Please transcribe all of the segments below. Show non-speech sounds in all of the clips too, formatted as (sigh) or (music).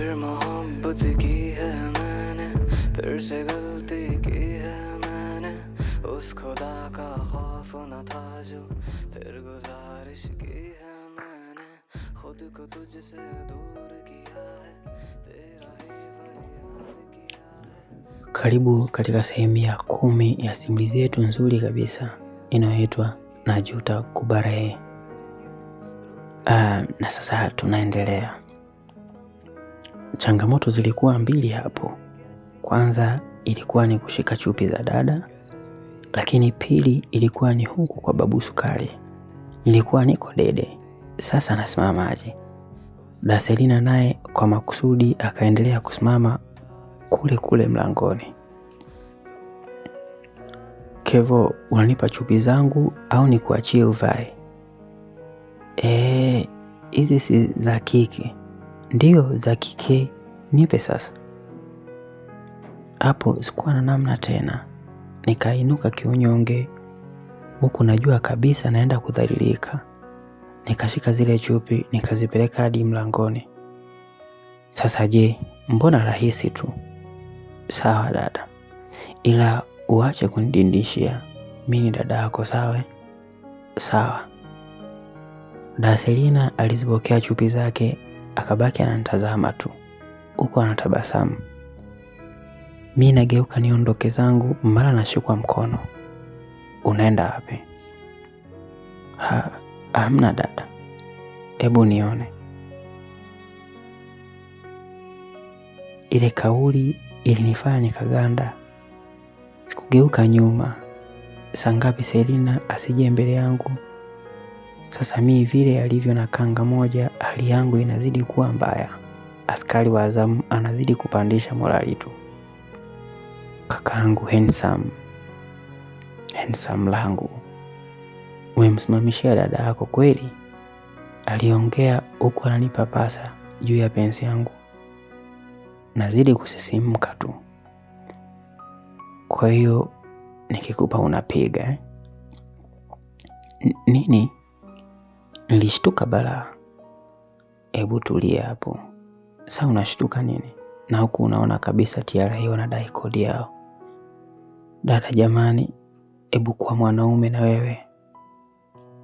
फिर मोहब्बत की है मैंने फिर से गलती की है मैंने उस खुदा का खौफ न था जो फिर गुजारिश की है मैंने खुद को तुझसे दूर किया है तेरा ही karibu katika sehemu ya kumi ya simulizi yetu nzuri kabisa inayoitwa Najuta Kubarehe. Uh, ah, na sasa tunaendelea Changamoto zilikuwa mbili hapo. Kwanza ilikuwa ni kushika chupi za dada, lakini pili ilikuwa ni huku kwa babu Sukari. Nilikuwa niko dede, sasa nasimamaje? Daselina naye kwa makusudi akaendelea kusimama kule kule mlangoni. Kevo, unanipa chupi zangu au nikuachie uvae? Eh, hizi si za kike ndio za kike nipe sasa. Hapo sikuwa na namna tena, nikainuka kiunyonge, huku najua kabisa naenda kudhalilika. Nikashika zile chupi nikazipeleka hadi mlangoni. Sasa je, mbona rahisi tu? Sawa dada, ila uache kunidindishia, mi ni dada yako sawe? Sawa. Daselina alizipokea chupi zake akabaki ananitazama tu huko anatabasamu. Mi nageuka niondoke zangu, mara nashikwa mkono. Unaenda wapi? Ha, hamna dada, hebu nione. Ile kauli ilinifanya nikaganda, sikugeuka nyuma. sangapi Selina asije mbele yangu? Sasa mimi vile alivyo na kanga moja, hali yangu inazidi kuwa mbaya. Askari wa Azamu anazidi kupandisha morali tu. Kakaangu Hensam, Hensam langu, umemsimamishia dada yako kweli? Aliongea huku ananipa pasa juu ya pensi yangu. Nazidi kusisimka tu. Kwa hiyo nikikupa unapiga eh? nini? Nilishtuka balaa. Hebu tulia hapo. Sasa unashtuka nini? Na huku unaona kabisa TRA wanadai kodi yao. Dada jamani, hebu kuwa mwanaume na wewe.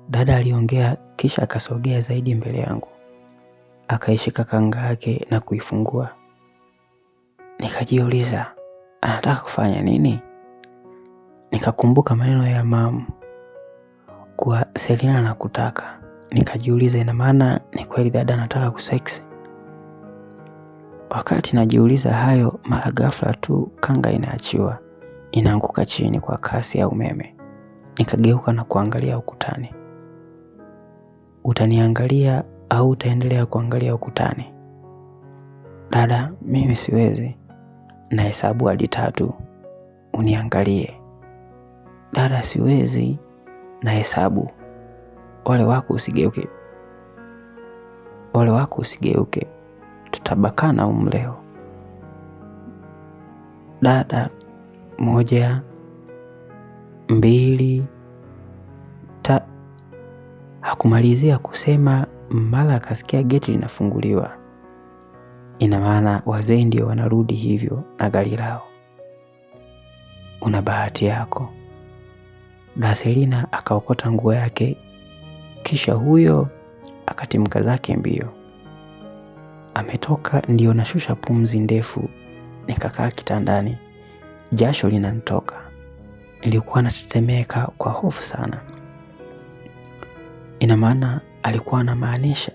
Dada aliongea kisha akasogea zaidi mbele yangu, akaishika kanga yake na kuifungua. Nikajiuliza anataka kufanya nini? Nikakumbuka maneno ya mamu kuwa Selina anakutaka Nikajiuliza, ina maana ni kweli dada anataka kuseksi? Wakati najiuliza hayo, mara ghafla tu kanga inaachiwa, inaanguka chini kwa kasi ya umeme. Nikageuka na kuangalia ukutani. Utaniangalia au utaendelea kuangalia ukutani? Dada, mimi siwezi. na hesabu hadi tatu, uniangalie. Dada, siwezi. na hesabu Ole wako usigeuke, ole wako usigeuke, tutabakana umleo. Dada moja mbili ta. Hakumalizia kusema mara akasikia geti linafunguliwa. Ina maana wazee ndio wanarudi hivyo na gari lao. Una bahati yako. Daselina akaokota nguo yake kisha huyo akatimka zake mbio. Ametoka ndio nashusha pumzi ndefu, nikakaa kitandani, jasho linanitoka, nilikuwa natetemeka kwa hofu sana. Ina maana alikuwa anamaanisha?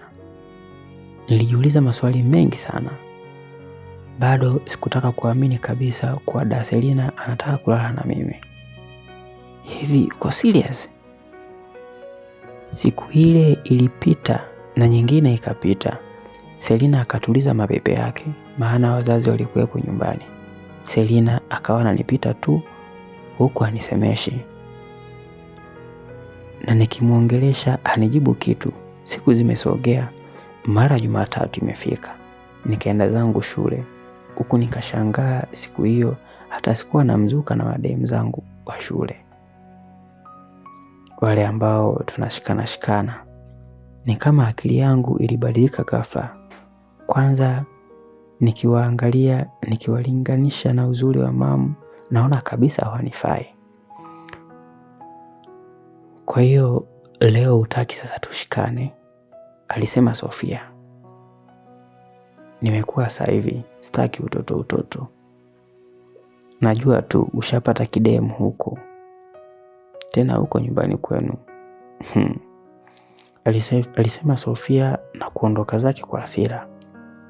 Nilijiuliza maswali mengi sana. Bado sikutaka kuamini kabisa kuwa Daselina anataka kulala na mimi. Hivi uko serious? Siku ile ilipita na nyingine ikapita. Selina akatuliza mapepe yake, maana wazazi walikuwepo nyumbani. Selina akawa ananipita tu huku anisemeshi na nikimwongelesha anijibu kitu. Siku zimesogea, mara Jumatatu imefika, nikaenda zangu shule huku nikashangaa. Siku hiyo hata sikuwa na mzuka na mademu zangu wa shule wale ambao tunashikana shikana. Ni kama akili yangu ilibadilika ghafla. Kwanza nikiwaangalia, nikiwalinganisha na uzuri wa mamu, naona kabisa hawanifai. Kwa hiyo leo utaki sasa tushikane, alisema Sofia. Nimekuwa sasa hivi, sitaki utoto utoto. Najua tu ushapata kidemu huko tena huko nyumbani kwenu. Hmm. Alise, alisema Sofia na kuondoka zake kwa hasira.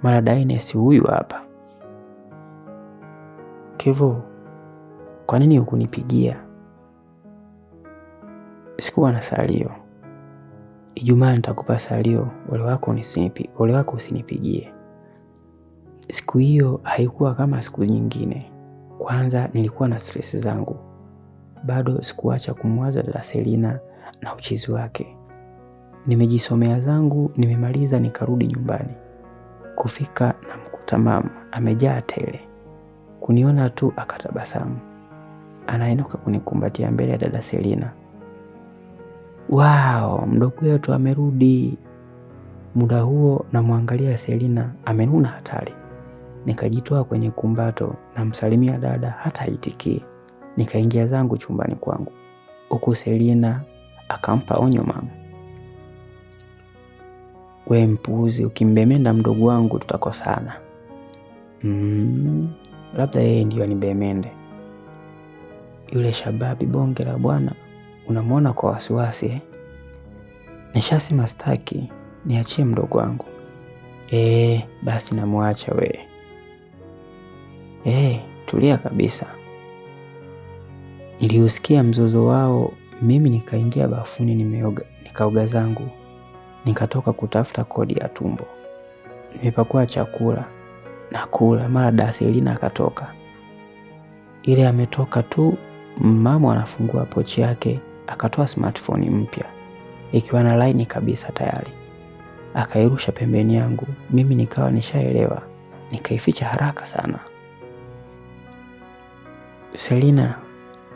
Mara Dainesi huyu hapa. Kevo, kwa nini hukunipigia? Sikuwa na salio. Ijumaa nitakupa salio, ole wako usinipi, ole wako usinipigie. Siku hiyo haikuwa kama siku nyingine. Kwanza nilikuwa na stress zangu bado sikuacha kumwaza dada Selina na uchizi wake. Nimejisomea zangu, nimemaliza nikarudi nyumbani. Kufika na mkuta mama amejaa tele, kuniona tu akatabasamu, anainuka kunikumbatia mbele ya dada Selina. Wao, mdogo wetu amerudi. Muda huo namwangalia Selina amenuna hatari, nikajitoa kwenye kumbato, namsalimia dada, hata aitikie Nikaingia zangu chumbani kwangu, huku Selina akampa onyo mama, we mpuzi ukimbemenda mdogo wangu tutakosana. Mm, labda yeye ndiyo anibemende yule shababi, bonge la bwana, unamwona kwa wasiwasi eh? Nishasema staki, niachie mdogo wangu. Eh, basi namwacha wee Eh, tulia kabisa. Niliusikia mzozo wao, mimi nikaingia bafuni nimeoga, nikaoga zangu, nikatoka kutafuta kodi ya tumbo. Nimepakua chakula nakula, mara Daselina akatoka. Ile ametoka tu, mama anafungua pochi yake, akatoa smartphone mpya ikiwa na laini kabisa tayari, akairusha pembeni yangu. Mimi nikawa nishaelewa, nikaificha haraka sana. Selina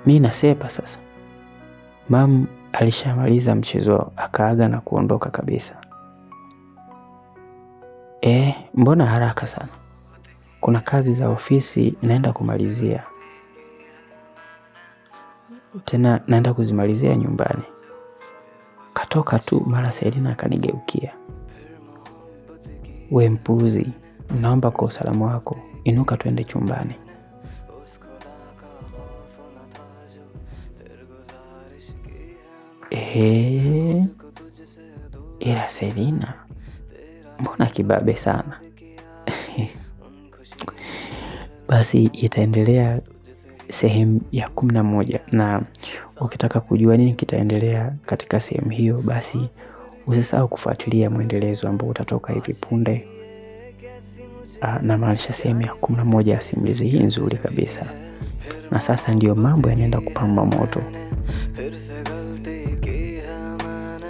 mi nasepa sasa. mam alishamaliza mchezo akaaga na kuondoka kabisa. E, mbona haraka sana? Kuna kazi za ofisi naenda kumalizia, tena naenda kuzimalizia nyumbani. Katoka tu mara Selina akanigeukia, we mpuzi, naomba kwa usalama wako inuka tuende chumbani. Eee, eh, ila Selina mbona kibabe sana? (laughs) Basi itaendelea sehemu ya kumi na moja, na ukitaka kujua nini kitaendelea katika sehemu hiyo, basi usisahau kufuatilia mwendelezo ambao utatoka hivi punde, ah, na maanisha sehemu ya kumi na moja ya simulizi hii nzuri kabisa. Na sasa ndiyo mambo yanaenda kupamba moto.